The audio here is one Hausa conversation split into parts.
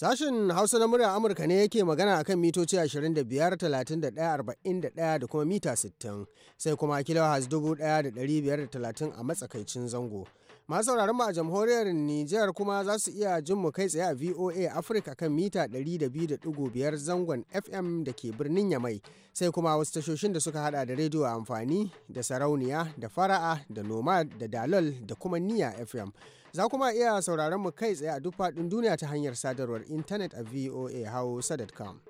Sashen Hausa na murya Amurka ne yake magana a kan mitoci 25,31,41 da kuma mita 60, sai kuma kilohaz 1530 a matsakaicin zango. Masu sauraron a jamhuriyar Nijar kuma za su iya jin mu kai tsaye a VOA Africa kan mita 102.5 zangon FM da ke birnin Yamai, sai kuma wasu tashoshin da suka hada da rediyo amfani da sarauniya da fara'a da noma da dalol da kuma niya FM. Za kuma iya sauraron mu kai tsaye a duk faɗin duniya ta hanyar sadarwar intanet a voa hausa.com.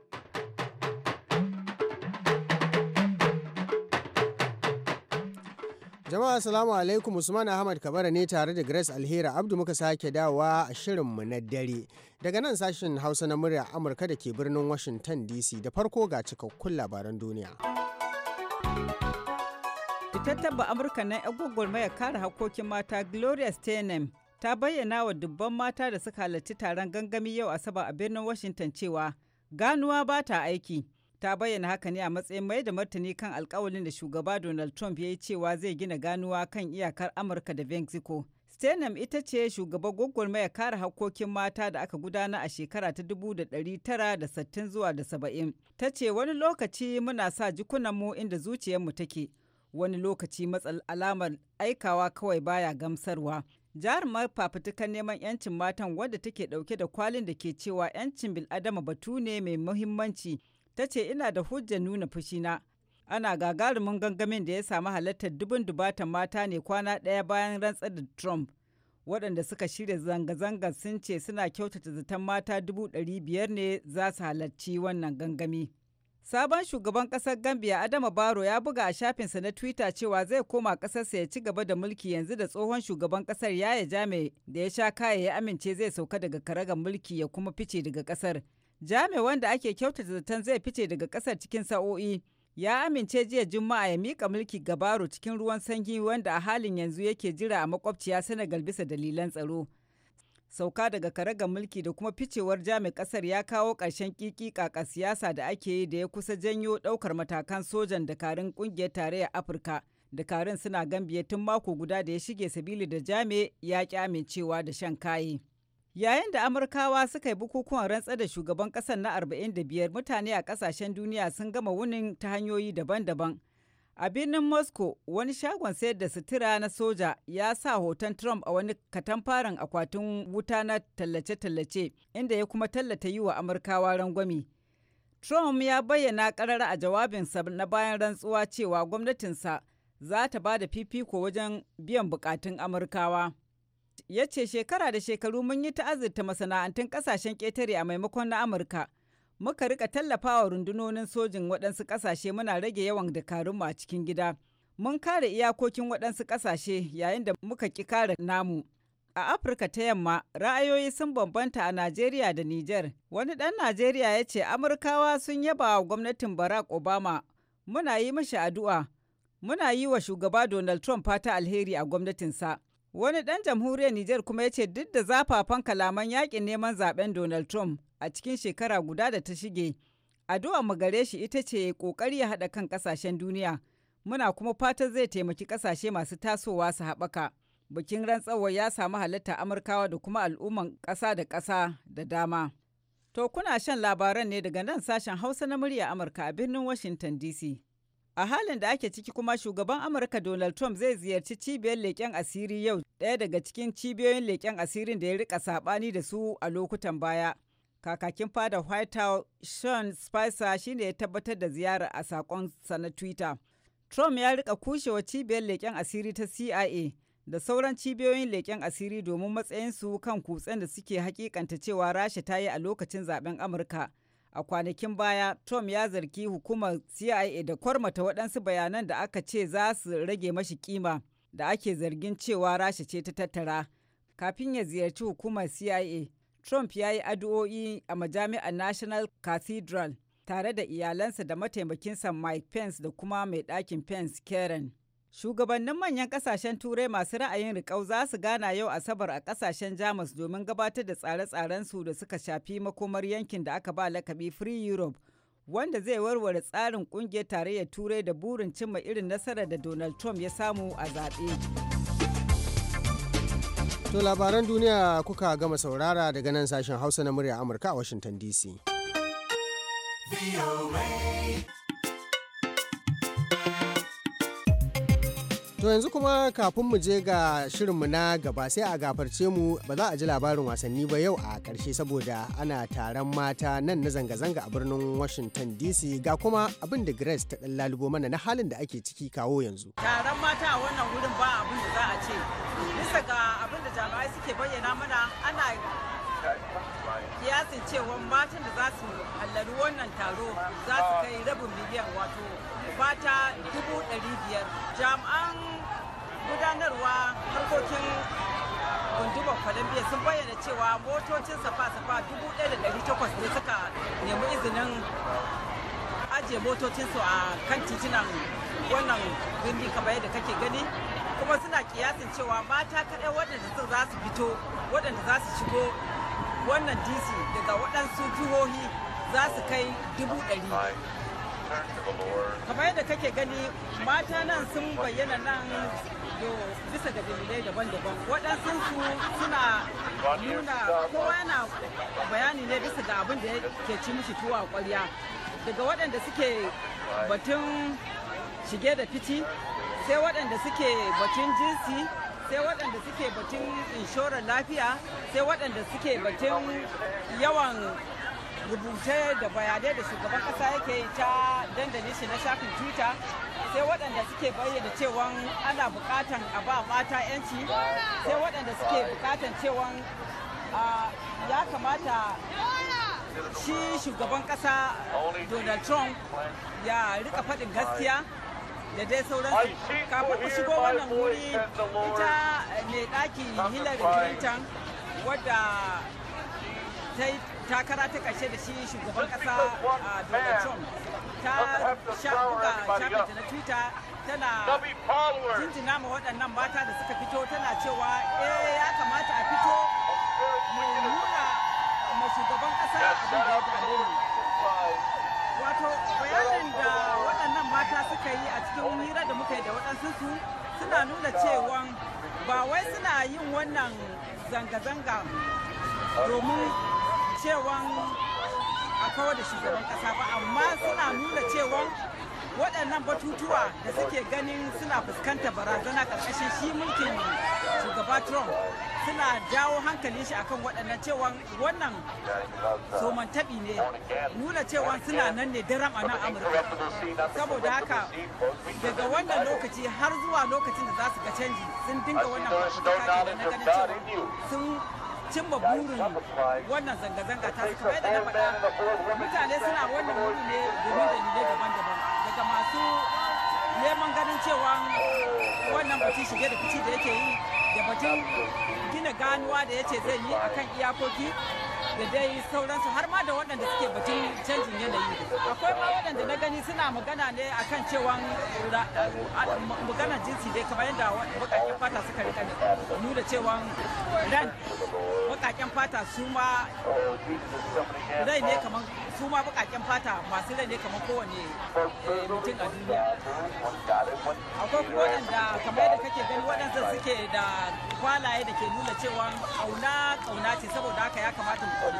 Jama'a salamu alaikum Usman Ahmad Kabara ne tare da Grace Alhera Abdu muka sake dawowa a shirin mu na dare. Daga nan sashen Hausa na murya Amurka da ke birnin Washington DC da farko ga cikakkun labaran duniya. Fitattar ba Amurka na 'yan gwagwarmayar kare hakokin mata Gloria Steinem ta bayyana wa dubban mata da suka halarci taron gangami yau Asabar a birnin Washington cewa ganuwa ba ta aiki. Ta bayyana haka ne a matsayin mai da martani kan alkawalin da shugaba Donald Trump ya yi cewa zai gina ganuwa kan iyakar Amurka da Mexico. Stenham ita ce shugaban gwagwarmaya kare hakkokin mata da aka gudana a shekara ta dubu da da tara sittin zuwa da saba'in. Ta ce wani lokaci muna sa jikunanmu inda zuciyarmu take, wani lokaci matsal alamar aikawa kawai baya gamsarwa. jarumar fafutukar neman 'yancin matan wadda take dauke da kwalin da ke cewa 'yancin bil'adama batu ne mai muhimmanci ta ce ina da hujjar nuna fushina ana gagarumin gangamin da ya samu halartar dubin dubatan mata ne kwana daya bayan rantsar da trump waɗanda suka shirya zanga-zanga sun ce suna kyautata zaton mata dubu ɗari biyar ne za su halarci wannan gangami. Sabon shugaban ƙasar Gambia Adama Baro ya buga a shafinsa na Twitter cewa zai koma ƙasarsa ya ci gaba da mulki yanzu da tsohon shugaban ƙasar Yaya Jame da ya sha kaya ya amince zai sauka daga karagar mulki ya kuma fice daga kasar Jame wanda ake kyautata zaton zai fice daga kasar cikin sa'o'i ya amince jiya Juma'a ya mika mulki ga Baro cikin ruwan sanyi wanda a halin yanzu yake jira a makwabciya Senegal bisa dalilan tsaro. sauka daga kare ga mulki da kuma ficewar jami kasar ya kawo ƙarshen kikikaka siyasa da ake yi da ya kusa janyo ɗaukar matakan sojan dakarun ƙungiyar tarayyar afirka dakarun suna gambiya tun mako guda da ya shige sabili da jami ya ƙi amincewa da shan kayi yayin da amurkawa suka yi bukukuwan rantsa da shugaban ƙasar na 45 mutane a ƙasashen duniya sun gama wunin ta hanyoyi daban-daban A birnin Moscow, wani shagon sayar da sutura na soja ya sa hoton Trump a wani katamfarin akwatin wuta na tallace-tallace, inda ya kuma tallata yi wa Amurkawa rangwami. Trump ya bayyana karara a jawabinsa na bayan rantsuwa cewa gwamnatinsa za ta ba da fifiko wajen biyan bukatun Amurkawa. Ya ce shekara da shekaru mun yi ta'azirta masana'antun kasashen ƙetare a maimakon na Amurka, muka rika tallafawa rundunonin sojin waɗansu ƙasashe muna rage yawan dakarunmu a cikin gida. Mun kare iyakokin waɗansu ƙasashe yayin da muka ƙi kare namu. A Afirka ta yamma, ra'ayoyi sun bambanta a Najeriya da Nijar. Wani ɗan Najeriya ya ce Amurkawa sun yaba wa gwamnatin Barack Obama. Muna yi mashi addu'a. Muna yi wa shugaba Donald Trump fata alheri a gwamnatinsa. Wani ɗan jamhuriyar Nijar kuma ya ce duk da zafafan kalaman yaƙin neman zaben Donald Trump, a cikin shekara guda da ta shige. Addu'a mu gare shi ita ce ƙoƙari ya haɗa kan kasashen duniya. Muna kuma fatan zai taimaki kasashe masu tasowa su haɓaka. Bikin rantsawar ya samu halitta Amurkawa da kuma al'umman ƙasa da ƙasa da dama. To kuna shan labaran ne daga nan sashen Hausa na murya Amurka a birnin Washington DC. A halin da ake ciki kuma shugaban Amurka Donald Trump zai ziyarci cibiyar leƙen asiri yau ɗaya daga cikin cibiyoyin leƙen asirin da ya rika saɓani da su a lokutan baya. kakakin fada white house sean spicer shine ya tabbatar da ziyarar a sakonsa na twitter trump ya rika kushewa cibiyar leƙen asiri ta cia da sauran cibiyoyin leƙen asiri domin matsayin su kan kutsen da suke hakikanta cewa rasha ta yi a lokacin zaben amurka a kwanakin baya trump ya zargi hukumar cia da kwarmata waɗansu bayanan da aka ce za su rage mashi kima da ake zargin cewa rasha ce ta tattara kafin ya ziyarci hukumar cia Trump ya yi addu'o'i a majami'ar National Cathedral tare da iyalansa da mataimakinsa Mike Pence da kuma mai ɗakin Pence Karen. Shugabannin manyan ƙasashen Turai masu ra'ayin riƙau za su gana yau Asabar a ƙasashen Jamus domin gabatar da tsare-tsarensu da suka shafi makomar yankin da aka ba lakabi Free Europe, wanda zai warware tsarin ƙungiyar tarayyar Turai da burin cimma irin nasarar da Donald Trump ya samu a zaɓe. To labaran duniya kuka gama saurara daga nan sashen Hausa na murya Amurka a Washington DC. To yanzu kuma kafin mu je ga shirin mu na gaba sai a gafarce mu ba za a ji labarin wasanni ba yau a ƙarshe saboda ana taron mata nan na zanga-zanga a birnin Washington DC ga kuma abin da Grace ta ɗan lalubo mana na halin da ake ciki kawo yanzu. Taron mata a wannan wurin ba abin da bisa ga abin da jami'ai suke bayyana mana ana kiyasin cewa matan da za su hallari wannan taro za su kai rabin miliyan wato fata dubu ɗari biyar jami'an gudanarwa harkokin gundumar columbia sun bayyana cewa motocin safa-safa dubu ɗaya da ɗari takwas ne suka nemi izinin ajiye motocinsu a kan titunan wannan birni kamar yadda kake gani kuma suna kiyasin cewa mata kaɗai waɗanda za su fito waɗanda za su shigo wannan dc daga waɗansu jihohi za su kai dubu ɗari kamar yadda kake gani mata nan sun bayyana nan bisa da dalilai daban-daban waɗansu suna nuna kowa yana bayani ne bisa ga abin da ke ci mishi tuwa kwarya daga waɗanda suke batun shige da fiti sai waɗanda suke batun jinsi sai waɗanda suke batun inshorar lafiya sai waɗanda suke batun yawan rubuce da bayanai da shugaban ƙasa yake ta dandalin shi na shafin twitter sai waɗanda suke bayyana cewa ana buƙatan a ba mata 'yanci sai waɗanda suke buƙatan cewa ya kamata shi shugaban ƙasa donald trump ya rika faɗin gaskiya da dai sauransu kafin ku shigo wannan wuri ita mai daki hillary clinton wadda ta yi takara ta karshe da shi shugaban kasa a donald trump ta shafuka shafinta na twitter tana jinjina ma waɗannan mata da suka fito tana cewa eh ya kamata a fito mu nuna ma shugaban a abin da ya wato bayanin da mata suka yi a cikin hira da muka yi da waɗansu su suna nuna cewa ba wai suna yin wannan zanga-zanga domin cewa a kawar da shugaban ƙasa ba amma suna nuna cewa waɗannan batutuwa da suke ganin suna fuskanta barazana ƙarƙashin shi mulkin shugaba trump suna jawo hankalin shi akan waɗannan cewa wannan somantaɓi ne nuna cewa suna nan ne daren a nan amurka saboda haka daga wannan lokaci har zuwa lokacin da za su ga canji sun dinga wannan na ganin cewa sun cimma burin wannan zanga-zanga ta suka kamar da na faɗa mutane suna wannan wuri ne domin dalilai daban-daban masu neman ganin cewa wannan batun shige da fice da yake yi da batun gina ganuwa da ya ce zai yi akan iyakoki da dai sauransu har ma da waɗanda suke batun canjin yanayi akwai ma waɗanda na gani suna magana ne akan cewa magana jinsi dai kamar yadda bakaken fata suka rika nuna cewa ran bakaken fata su ma rai ne kamar su ma bakaken fata masu rai ne kamar kowane eh, mutum a duniya akwai kuma waɗanda kamar yadda kake gani waɗanda suke da kwalaye da ke nuna cewa auna kauna ce saboda haka ya kamata To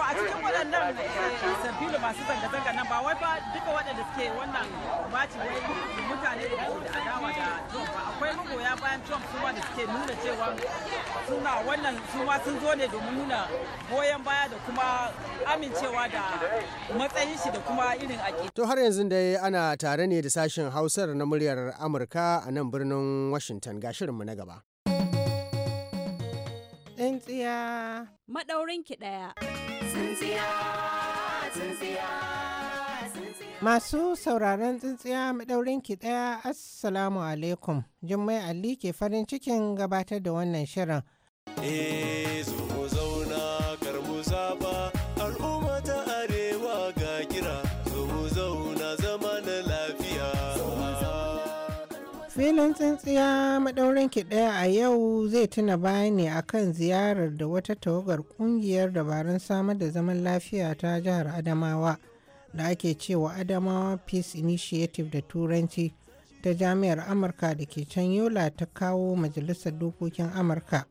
a cikin waɗannan eh, sabilu masu zanga-zanga nan ba wai ba duka waɗanda suke wannan baci wai mutane da su da adawa da Trump ba akwai magoya bayan Trump su da suke nuna cewa suna wannan su ma sun zo ne domin nuna goyon baya da kuma amincewa da matsayin shi da kuma irin aƙi. To har yanzu dai ana tare ne da sashen Hausar na muryar Amurka a nan birnin Washington ga shirinmu na gaba. Tsintsiya. ki ɗaya. Tsintsiya, tsintsiya. Masu sauraron tsintsiya maɗaurinki ɗaya Assalamu alaikum. Jummai Ali ke farin cikin gabatar da wannan shirin. Eh. Filin tsintsiya maɗaurin ki ɗaya a yau zai tuna bayani a akan ziyarar da wata tawagar ƙungiyar dabarun samar da zaman lafiya ta jihar Adamawa da ake cewa Adamawa Peace Initiative da Turanci ta Jami'ar Amurka da ke can Yola ta kawo Majalisar Dokokin Amurka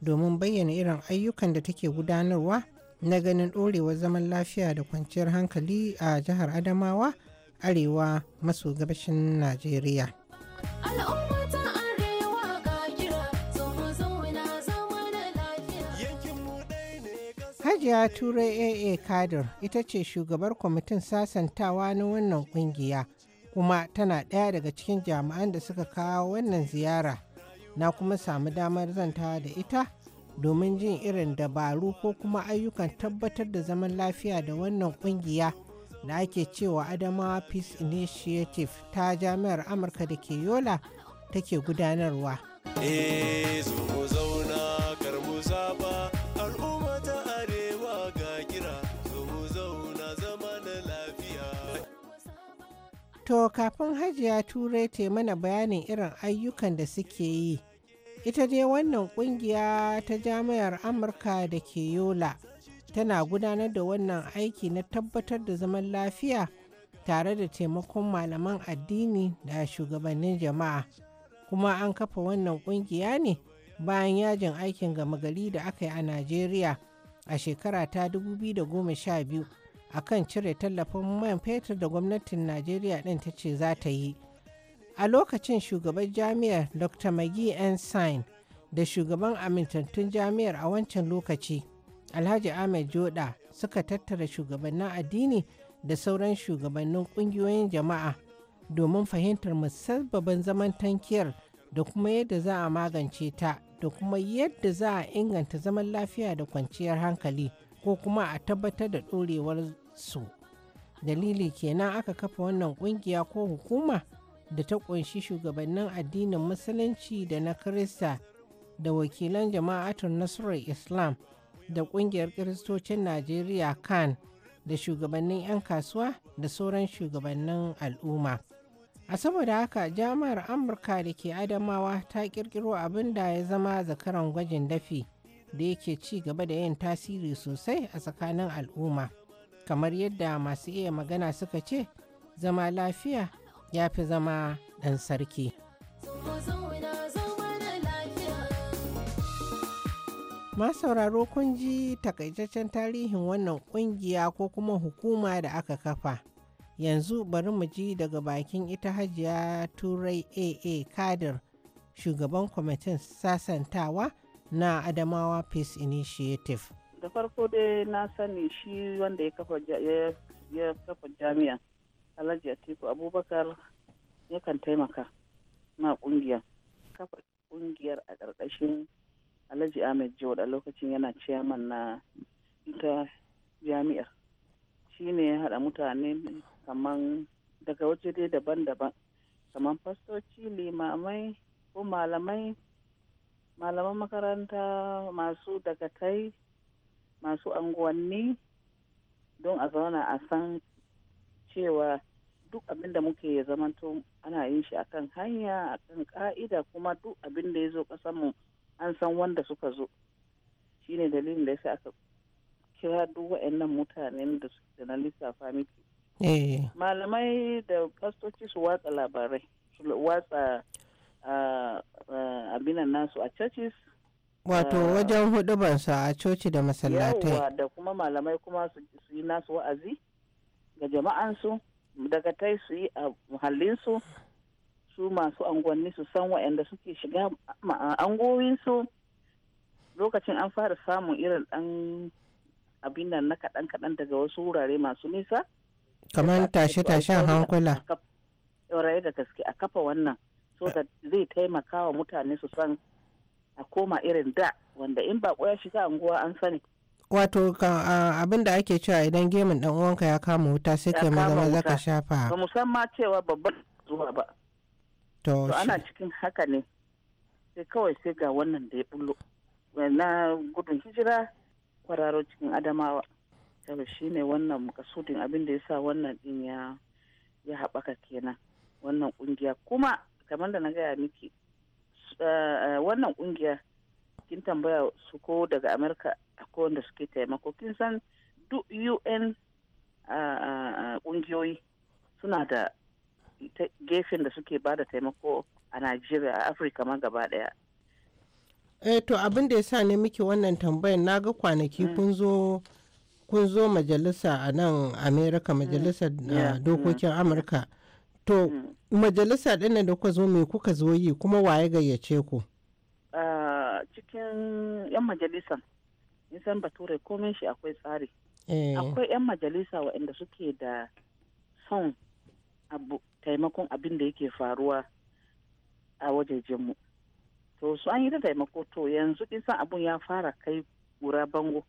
domin bayyana irin ayyukan da take gudanarwa na ganin ɗorewar zaman lafiya da kwanciyar hankali a jihar Adamawa, Arewa maso gabashin Najeriya. Hajiya Turai AA Kadir ita ce shugabar kwamitin sasantawa na wannan kungiya kuma tana ɗaya daga cikin jami'an da suka kawo wannan ziyara na kuma samu damar zantawa da ita domin jin irin dabaru ko kuma ayyukan tabbatar da zaman lafiya da wannan kungiya da ake cewa Adamawa peace initiative ta jami'ar amurka da ke yola take gudanarwa eh, To kafin hajiya turai ta mana bayanin irin ayyukan da suke yi ita dai wannan kungiya ta jami'ar amurka da ke yola tana gudanar da wannan aiki na tabbatar da zaman lafiya tare da taimakon malaman addini da shugabannin jama'a kuma an kafa wannan kungiya ne bayan yajin aikin gama gari da aka yi a najeriya a shekara ta 2012 a kan cire tallafin man fetur da gwamnatin najeriya ɗin ta ce za ta yi a lokacin shugaban jami'ar dr magi ensign da shugaban amintattun jami'ar a wancan lokaci alhaji ahmed joda suka tattara shugabannin addini da sauran shugabannin kungiyoyin jama'a domin fahimtar musabbabin zaman tankiyar da kuma yadda za a magance ta da kuma yadda za a inganta zaman lafiya da kwanciyar hankali ko kuma a tabbatar da ɗorewar su dalili kenan aka kafa wannan kungiya ko hukuma da ta ƙunshi shugabannin addinin musulunci da na kirista da wakilan jama'atun nasarar islam da ƙungiyar kiristocin najeriya kan da shugabannin 'yan kasuwa da sauran shugabannin al'umma a saboda haka jami'ar amurka da ke adamawa ta ƙirƙiro abin da ya zama zakaran gwajin dafi da yake ci gaba da yin tasiri sosai a tsakanin al'umma kamar yadda masu iya magana suka ce zama lafiya ya fi zama ɗan sarki. sauraro kun ji takaitaccen tarihin wannan kungiya ko kuma hukuma da aka kafa yanzu bari mu ji daga bakin ita hajiya turai aa kadir shugaban kwamitin sasantawa na adamawa peace initiative da farko dai na sani shi wanda ya kafa jami'a alhaji atiku abubakar ya kan taimaka ma kungiya kafa kungiyar a ƙarƙashin alhaji ahmed jawad a lokacin yana ciyaman na ita jami'ar shi ne ya haɗa mutane kaman daga waje dai daban-daban kaman fastoci limamai ko malamai malaman makaranta masu dagatai masu anguwanni don a zauna a san cewa duk abin da muke zamanto ana yin shi akan hanya akan ka'ida kuma duk abin da ya zo mu an san wanda suka zo shi ne dalilin da yasa aka kira duk waɗannan mutanen da suke na lissafa miki eh. malamai da fastoci su watsa labarai su watsa abinan nasu a churches wato wajen hudu bansa a coci da masallatai yawa da kuma malamai kuma su yi nasu wa'azi ga jama'ansu daga tai su yi a muhallinsu su masu angonni su san waɗanda suke shiga angoyinsu lokacin an fara samun irin ɗan abin nan na kaɗan-kaɗan daga wasu wurare masu nisa. kamar tashe-tashen hankula. Yaurai da gaske a kafa wannan so da eh. zai taimaka wa mutane su san a koma irin da wanda in ba ya shiga anguwa an sani. Wato abin da ake cewa idan gemin dan uwanka ya kama wuta sai ke maza maza ka shafa. Ba musamman cewa babban zuwa ba. to ana cikin haka ne sai kawai sai ga wannan da ya bullo na gudun hijira kwararo cikin adamawa saboda shi ne wannan makasudin abin da ya sa wannan din ya haɓaka kenan wannan kungiya kuma kamar da na gaya miki eh, eh, wannan ƙungiya kin tambaya su ko daga amurka akwai wanda suke taimako kin san duk un eh, ƙungiyoyi suna da gefen da suke ba da taimako a Najeriya a Afirka ma gaba daya. Eh to abin da ya sa ne muke wannan tambayar na ga kwanaki mm. kun zo kun zo majalisa a nan Amerika mm. majalisar ah, mm. dokokin Amurka. To majalisa din da kuka zo me kuka zo yi kuma waye gayyace ku? Ah, cikin 'yan majalisa nisan bature komai shi akwai tsari. Eh. Akwai 'yan majalisa waɗanda suke da son taimakon abin da yake faruwa a wajejenmu to su an yi ta taimako to yanzu kisan abun ya fara kai kura bango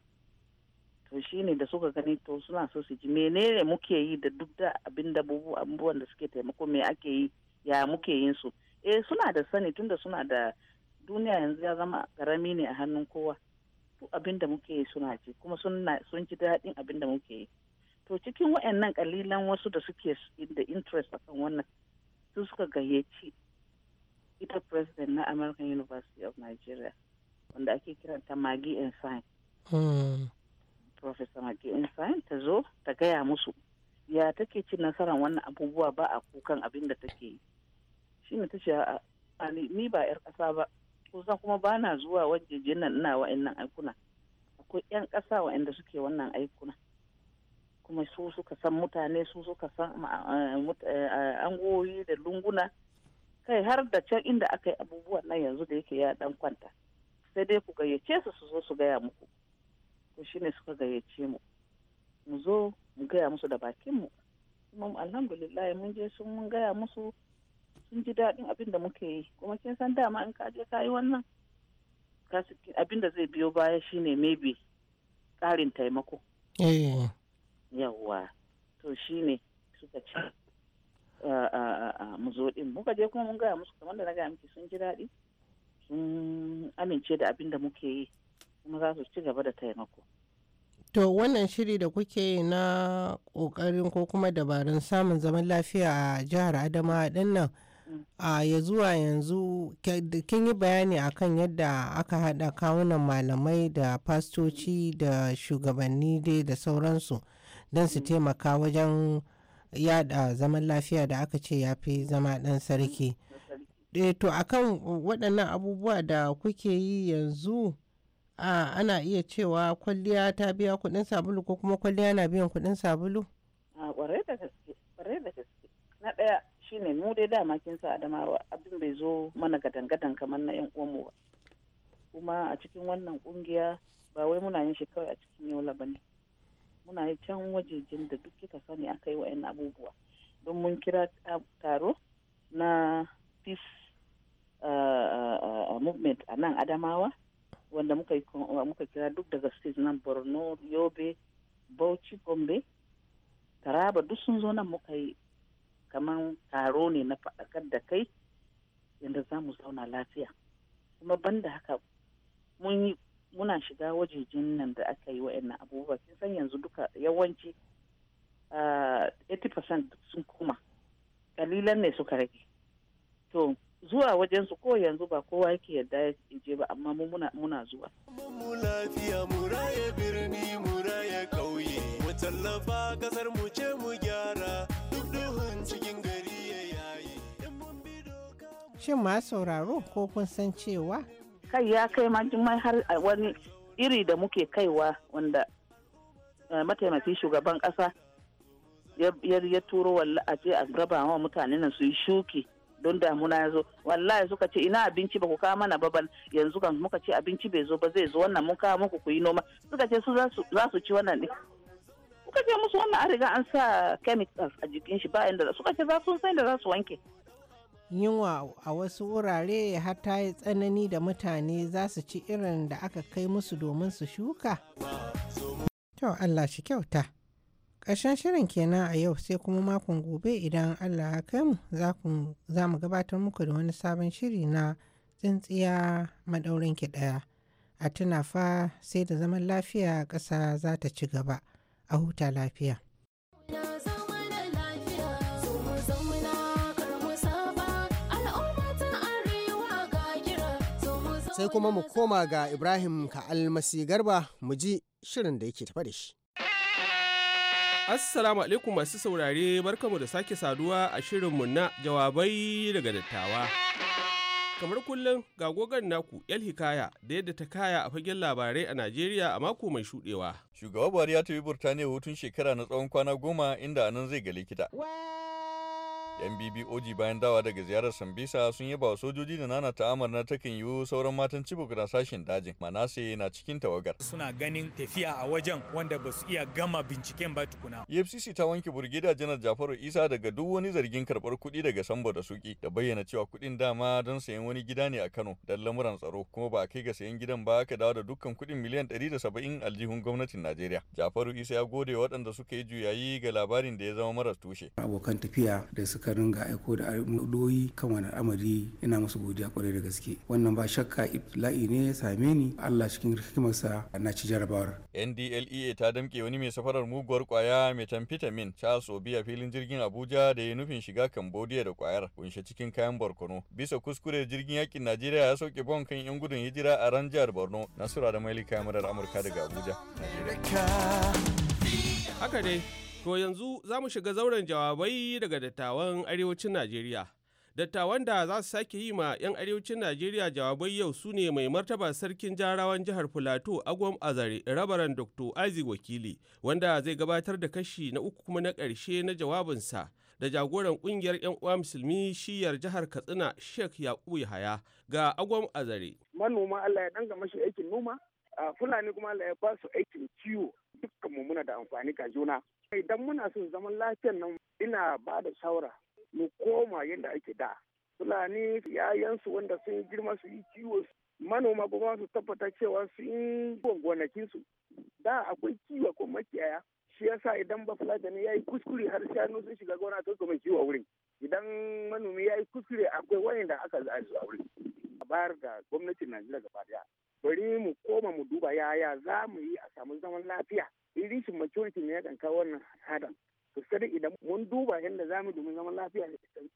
to shine da suka gani to suna so su ji menene muke yi da duk da abin da abubuwan da suke taimako me ake yi ya muke yin su eh suna da sani tunda suna da duniya yanzu ya zama karami ne a hannun kowa duk abin da muke yi suna ji kuma sun ji daɗin abin da muke yi to cikin waɗannan kalilan wasu da suke da interest akan wannan su suka gayyaci ita president na american university of nigeria wanda ake kiranta magi ensign hmm. professor magi ensign ta zo ta gaya musu ya take cin nasarar wannan abubuwa ba a kukan abin da take yi shi ne ta ce ni ba 'yar ƙasa ba kusan kuma ba na zuwa wajejen nan ina wa'annan aikuna akwai 'yan ƙasa wa'anda suke wannan aikuna kuma su suka san mutane su suka san eh, eh, angoyi da lunguna kai har da can inda aka yi abubuwan nan yanzu da yake ya dan kwanta sai dai ku gayyace su su zo su gaya muku to shine suka gayyace mu mu zo mu gaya musu da bakin mu kuma alhamdulillah mun je sun mun gaya musu sun ji daɗin abin da muke yi kuma kin san dama in ka je ka yi wannan abin da zai biyo baya shine maybe ƙarin taimako eh. to shi ne suka ci mu zo din muka je kuma mun gaya musu kamar da na gaya miki sun ji daɗi sun amince da abin da muke yi kuma za su ci gaba da taimako to wannan shiri da kuke na kokarin ko kuma dabarun samun zaman lafiya a jihar adama din nan mm. a ya zuwa yanzu kin yi bayani akan yadda aka haɗa kawunan malamai da fastoci da shugabanni dai da sauransu don su taimaka wajen yada zaman lafiya da aka ce ya fi zama dan sarki eh, to akan waɗannan abubuwa da kuke yi yanzu ana iya cewa kwalliya ta biya kuɗin sabulu ko kuma kwalliya na biyan kuɗin sabulu? a ƙwarai da gaske da gaske na ɗaya shine mu dai dama kin sa adamawa abin bai zo mana gadangadan kamar na 'yan uwanmu ba kuma a cikin wannan ƙungiya ba wai muna yin shi kawai a cikin yola ba ne muna yi can wajejin da duk kika sani yi wa yan abubuwa don mun kira taro na peace uh, uh, uh, movement a nan adamawa wanda muka kira duk daga state nan borno yobe bauchi gombe taraba duk sun zo nan muka yi kamar taro ne na faɗakar da kai yadda za mu zauna lafiya kuma banda haka mun yi muna shiga wajejin nan da aka yi wa'annan abubuwa kin san yanzu duka yawanci uh, ah, 80% sun koma kalilan ne suka rage to zuwa wajen su ko yanzu ba kowa yake yarda ya je ba amma mu muna, muna zuwa mu lafiya mu raye birni mu raye kauye mu tallafa kasar mu ce mu gyara duk duhun cikin gari ya yayi shin ma sauraro ko kun san cewa kai ya kai ma jimai har wani iri da muke kaiwa wanda eh, mataimakin shugaban kasa ya turo walla a ce a raba wa mutane nan su yi shuki don damuna ya zo wallahi suka ce ina abinci ba ku kawo mana ba yanzu kan muka ce abinci bai zo ba zai zo wannan mun kawo muku ku yi noma suka ce su za su ci wannan ne suka ce musu wannan an riga an sa chemicals a jikin shi ba inda suka ce za su san da za su wanke yunwa a wasu wurare har ta yi tsanani da mutane za su ci irin da aka kai musu domin su shuka? To Allah shi kyauta. Ƙarshen shirin kenan a yau sai kuma makon gobe idan Allah ya kai mu za mu gabatar muku da wani sabon shiri na tsintsiya maɗaurin ki ɗaya. A tuna fa sai da zaman lafiya ƙasa za ta ci gaba. A huta lafiya. sai kuma mu koma ga Ibrahim ka almasi Garba mu ji shirin da yake tafa da shi. Assalamu alaikum masu saurare barkamu da sake saduwa a shirin mu na jawabai daga dattawa. Kamar kullum ga gogon naku yal Hikaya da yadda ta kaya a fagen labarai a Najeriya a mako mai shudewa. Shugaba Buhari ya tafi Burtaniya hutun shekara na tsawon kwana goma inda anan zai ga likita. yan oji bayan dawa daga ziyarar sambisa sun yaba wa sojoji da nana ta'amar na takan yiwu sauran matan cibok na sashen dajin manase na cikin tawagar suna ganin tafiya a wajen wanda ba su iya gama binciken ba tukuna efcc ta wanke burgida janar jafaru isa daga duk wani zargin karbar kuɗi daga sambo da suki da bayyana cewa kuɗin dama don sayan wani gida ne a kano don lamuran tsaro kuma ba a kai ga sayan gidan ba aka dawo da dukkan kuɗin miliyan ɗari da saba'in aljihun gwamnatin najeriya jafaru isa ya gode waɗanda suka yi juyayi ga labarin da ya zama maras tushe abokan tafiya da suka suka ringa aiko da doyi kan wani al'amari ina musu godiya kwarai da gaske wannan ba shakka ibtila'i ne ya same ni Allah cikin hikimarsa na ci jarabawar NDLEA ta damke wani mai safarar muguwar kwaya mai tan Charles Obi a filin jirgin Abuja da ya nufin shiga Cambodia da kwayar kunshe cikin kayan barkono bisa kuskure jirgin yakin Najeriya ya sauke bon kan yan gudun hijira a ran jihar Borno Nasura da Mailika Amurka daga Abuja Haka To yanzu za mu shiga zauren jawabai daga dattawan arewacin Najeriya. Dattawan da za su sake yi ma 'yan arewacin Najeriya jawabai yau su ne mai martaba sarkin jarawan jihar Filato Agwam Azare rabaran Dr. Azi Wakili wanda zai gabatar da kashi na uku kuma na ƙarshe na jawabinsa da jagoran ƙungiyar 'yan uwa musulmi shiyar jihar Katsina Sheikh Yakubu Yahaya ga Agwam Azare. Manoma Allah ya danga mashi aikin noma, Fulani kuma Allah ya ba su aikin kiwo dukkan mu muna da amfani ga juna. Idan muna son zaman lafiyan nan ina ba da shawara mu koma yadda ake da. Fulani yayansu wanda sun girma su yi kiwo manoma ba su tabbata cewa sun su. Da akwai kiwo ko makiyaya shi yasa idan ba fulani ya yi kuskure har shanu sun shiga gona to mai kiwa a wurin. Idan manomi ya yi kuskure akwai wayanda aka za a wurin. bayar da gwamnatin Najeriya gaba daya bari mu koma mu duba yaya za mu yi a samu zaman lafiya in rishin maturity ne ya kan kawo wannan hadan to sai idan mun duba yadda za mu domin zaman lafiya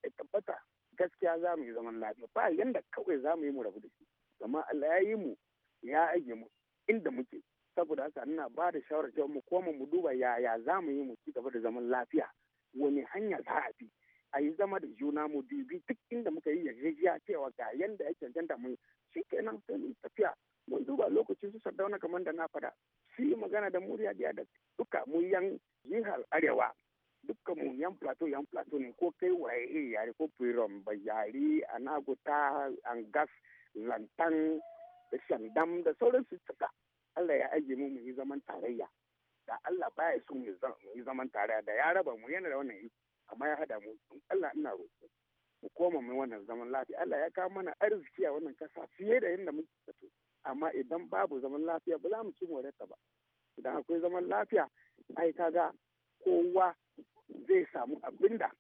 ya tabbata gaskiya za mu yi zaman lafiya ba yadda kawai za mu yi mu rabu da shi amma Allah ya yi mu ya aje mu inda muke saboda haka ina ba da shawarar cewa mu koma mu duba yaya za mu yi mu ci gaba da zaman lafiya wani hanya za a bi a yi zama da juna mu dubi duk inda muka yi yarjejiya cewa ga yanda ya cancanta mu shi kenan sai mu tafiya zauna kamar da na faɗa su yi magana da murya biya da duka mu yan jihar arewa dukkan mu yan plateau yan plateau ne ko kai waye iri eh, yare ko firon bayari anaguta angas lantan da shandam da sauransu suka Allah ya aje mu mu yi zaman tarayya da Allah baya so mu yi zaman tarayya da ya raba mu yana da wannan yi amma ya hada mu Allah ina roƙo mu koma mu wannan zaman lafiya Allah ya kawo mana arziki a wannan kasa fiye da yadda muke amma idan babu zaman lafiya ba za mu ci morarta ba idan akwai zaman lafiya ai ga kowa zai samu abinda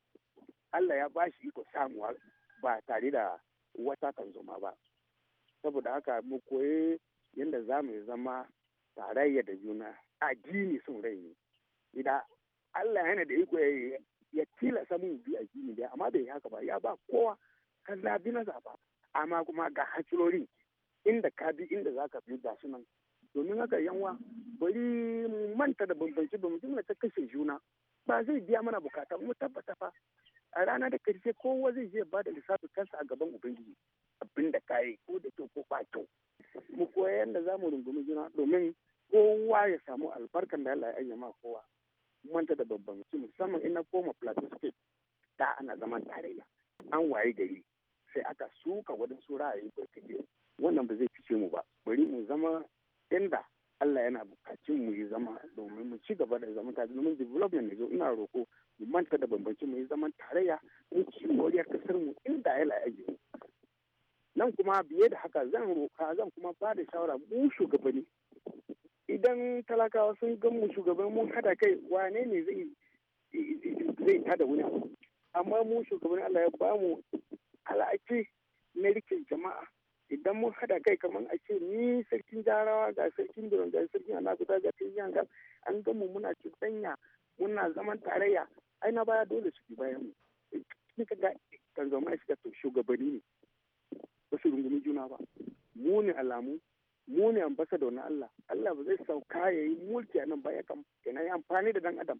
Allah ya bashi iko samuwa ba tare da wata tanzoma ba saboda haka mu koyi yadda za mu zama tarayya da juna addini sun rai ne idan Allah yana da iko ya tilasa mun bi addini da amma bai haka ba ya ba kowa kan labi na zaba amma kuma ga hasilori inda ka bi inda za ka bi gashi nan domin haka yanwa bari mu manta da bambanci domin mu ta kashe juna ba zai biya mana bukata mu tabbata fa a rana da karshe kowa zai je ba da lissafin kansa a gaban ubangiji abin da kai ko da kyau ko ba kyau mu koya yadda za mu rungumi juna domin kowa ya samu albarkan da Allah ya ayyama kowa manta da bambanci musamman ina koma plateau state da ana zaman tarayya an waye gari sai aka suka wadansu ra'ayi barkaje wannan ba zai fice mu ba bari mu zama inda Allah yana bukacin mu yi zama domin mu ci gaba da zama tare domin development ne zo ina roko mu manta da bambanci mu yi zaman tarayya mu ci moriyar kasar mu inda ya la'aji nan kuma biye da haka zan roka zan kuma ba da shawara mu shugabanni idan talakawa sun gan mu shugaban mun hada kai wane ne zai zai tada wani amma mu shugaban Allah ya ba mu al'aki na rikin jama'a idan mun hada kai kamar a ce ni sarkin jarawa ga sarkin biron ga sarkin anaguda ga sarkin yanga an gamu muna cuɗanya muna zaman tarayya aina baya dole su bi bayan mu kika ga zama ya shiga shugabanni ne ba su rungumi juna ba mu ne alamu mu ne ambassador na Allah Allah ba zai sauka ya yi mulki a nan ba yana yi amfani da dan adam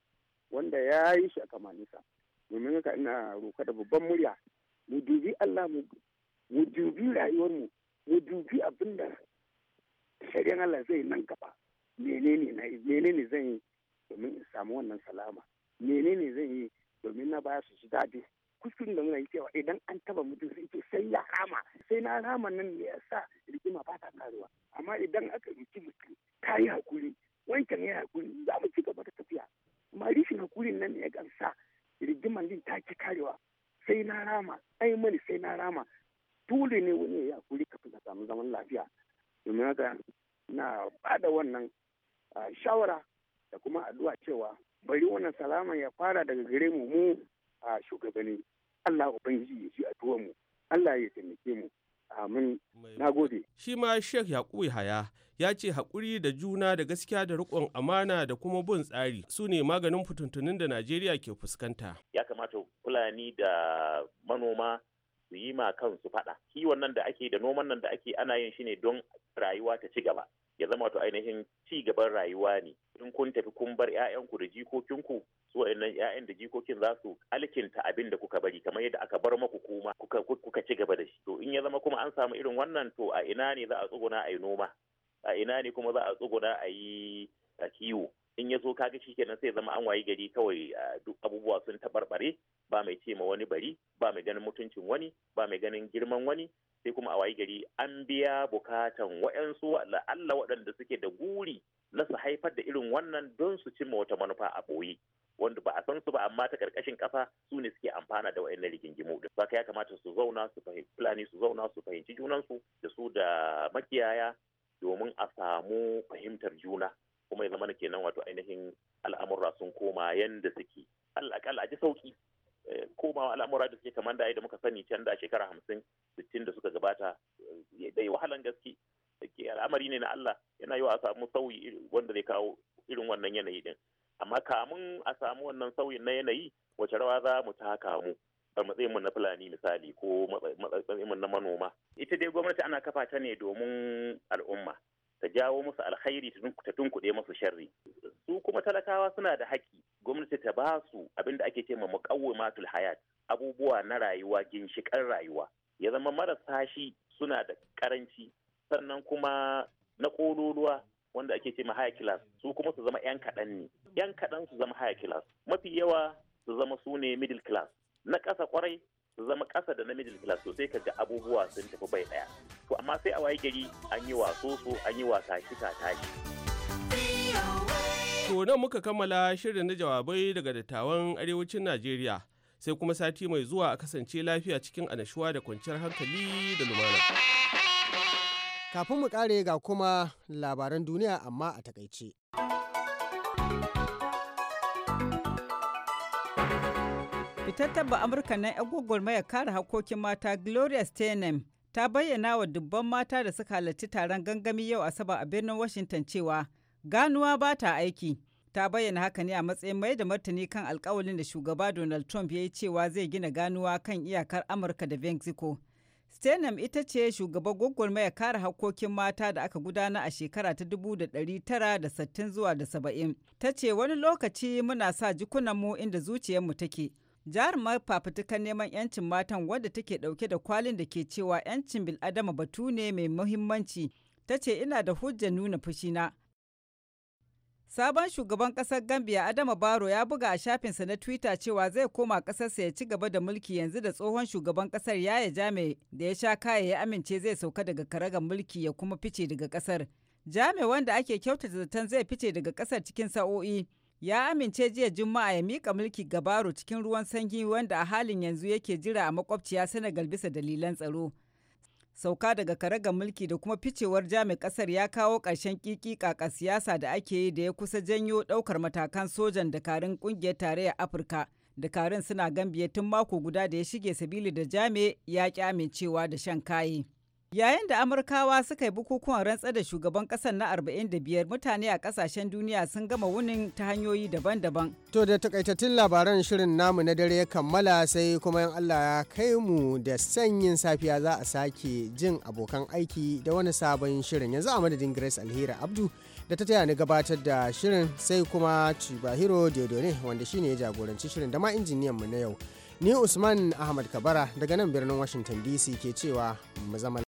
wanda ya yi shi a kamanisa domin haka ina roka da babban murya mu dubi Allah mu dubi rayuwar mu ya dubi abin da shari'an Allah zai nan gaba menene na menene zan yi domin in samu wannan salama menene zan yi domin na baya su ji daɗi kusurin da muna yi cewa idan an taba mutum sai ce sai ya rama sai na rama nan ne ya sa rigima ba ta karuwa amma idan aka ruki mutum ka yi fara daga gare mu mu a shugabanni Allah ubangiji ya ji addu'ar mu Allah ya taimake mu amin nagode shi ma Sheikh Yakubu Haya ya ce haƙuri da juna da gaskiya da riƙon amana da kuma bin tsari su ne maganin fituntunin da Najeriya ke fuskanta. Ya kamata Fulani da manoma su yi ma kansu faɗa. Kiwon nan da ake da noman nan da ake ana yin shi ne don rayuwa ta ci gaba. Ya zama to ainihin ci gaban rayuwa ne. In kun tafi kun bar 'ya'yanku da jikokinku su wa'annan 'ya'yan da jikokin za su alkinta abin da kuka bari kamar yadda aka bar maku kuma kuka ci gaba da shi to in ya zama kuma an samu irin wannan to a ina ne za a tsuguna a yi noma a ina ne kuma za a tsuguna a yi kiwo in ya zo kaga kenan sai zama an wayi gari kawai duk abubuwa sun taɓarɓare ba mai ce ma wani bari ba mai ganin mutuncin wani ba mai ganin girman wani sai kuma a wayi gari an biya bukatan wa'yansu Allah waɗanda suke da guri na su haifar da irin wannan don su cimma wata manufa a ɓoye wanda ba a san su ba amma ta karkashin kasa su ne suke amfana da wayannan rigingimu din saka ya kamata su zauna su fahimci fulani su zauna su fahimci junansu da su da makiyaya domin a samu fahimtar juna kuma ya zama kenan wato ainihin al'amura sun koma yanda suke alakal a ji sauki eh, komawa al'amura da suke kamar da da muka sani can da shekara hamsin sittin da suka gabata eh, dai wahalan gaske al'amari ne na Allah yana yiwa a samu sauyi wanda zai kawo irin wannan yanayi din amma kamun a samu wannan sauyin na yanayi wace rawa za mu taka mu a matsayin mu na fulani misali ko matsayin mu na manoma ita dai gwamnati ana kafa ta ne domin al'umma ta jawo musu alkhairi ta tunkuɗe musu sharri su kuma talakawa suna da haƙƙi gwamnati ta ba su abin da ake ce ma muqawwimatul hayat abubuwa na rayuwa ginshiƙan rayuwa ya zama marasa shi suna da karanci sannan kuma na ƙololuwa wanda ake ce ma high class su kuma su zama 'yan kaɗan ne 'yan kaɗan su zama high class mafi yawa su zama su ne middle class na ƙasa kwarai su zama ƙasa da na middle class sosai sai ka ga abubuwa sun tafi bai ɗaya to amma sai a waye gari an yi waso so an yi wasa kika tashi. To nan muka kammala shirin na jawabai daga dattawan arewacin Najeriya sai kuma sati mai zuwa a kasance lafiya cikin anashuwa da kwanciyar hankali da lumana. Kafin mu kare ga kuma labaran duniya amma a takaice. Fitattar ba Amurka na 'yan gwagwarmayar kare hakokin mata Gloria Steinem ta bayyana wa dubban mata da suka halarci taron gangami yau asaba a birnin Washington cewa ganuwa ba ta aiki. Ta bayyana haka ne a matsayin mai da martani kan alkawalin da shugaba Donald Trump ya yi cewa zai gina ganuwa kan iyakar Amurka da Mexico. Steinem ita ce shugaban gwagwarmayar kare hakkokin mata da aka gudana a shekara ta dubu da da tara sittin zuwa da saba'in Ta ce wani lokaci muna sa jikunanmu inda zuciyarmu take. jarumar fafutukan neman 'yancin matan wadda take dauke da kwalin da ke cewa 'yancin bil'adama batu ne mai muhimmanci ta ce ina da hujjar nuna fushina sabon shugaban kasar gambia adama baro ya buga a shafinsa na twitter cewa zai koma kasarsa ya ci gaba da mulki yanzu da tsohon shugaban kasar yaya jame da ya sha kaya ya amince zai sauka daga karagar mulki ya kuma fice daga kasar jame wanda ake kyautata zaton zai fice daga kasar cikin sa'o'i ya amince jiya Juma'a ya mika mulki gabaru cikin ruwan sanyi wanda a halin yanzu yake jira a makwabciya Senegal bisa dalilan tsaro. Sauka daga karaga mulki da kuma ficewar jami kasar ya kawo ƙarshen kikikaka siyasa da ake yi da ya kusa janyo ɗaukar matakan sojan dakarun ƙungiyar tarayyar Afirka. Dakarun suna gambiya tun mako guda da ya shige sabili da jami ya ƙi amincewa da shan kayi. Yayin da Amurkawa suka yi bukukuwan rantsar da shugaban kasar na 45 mutane a kasashen duniya sun gama wunin ta hanyoyi daban-daban. To da takaitattun labaran shirin namu na dare ya kammala sai kuma yan Allah ya kai mu da sanyin safiya za a sake jin abokan aiki da wani sabon shirin yanzu a madadin Grace Alheri Abdu da ta taya ni gabatar da shirin sai kuma Chibahiro Diodone wanda shine ya jagoranci shirin da ma injiniyan mu na yau. Ni Usman Ahmad Kabara daga nan birnin Washington DC ke cewa mu zama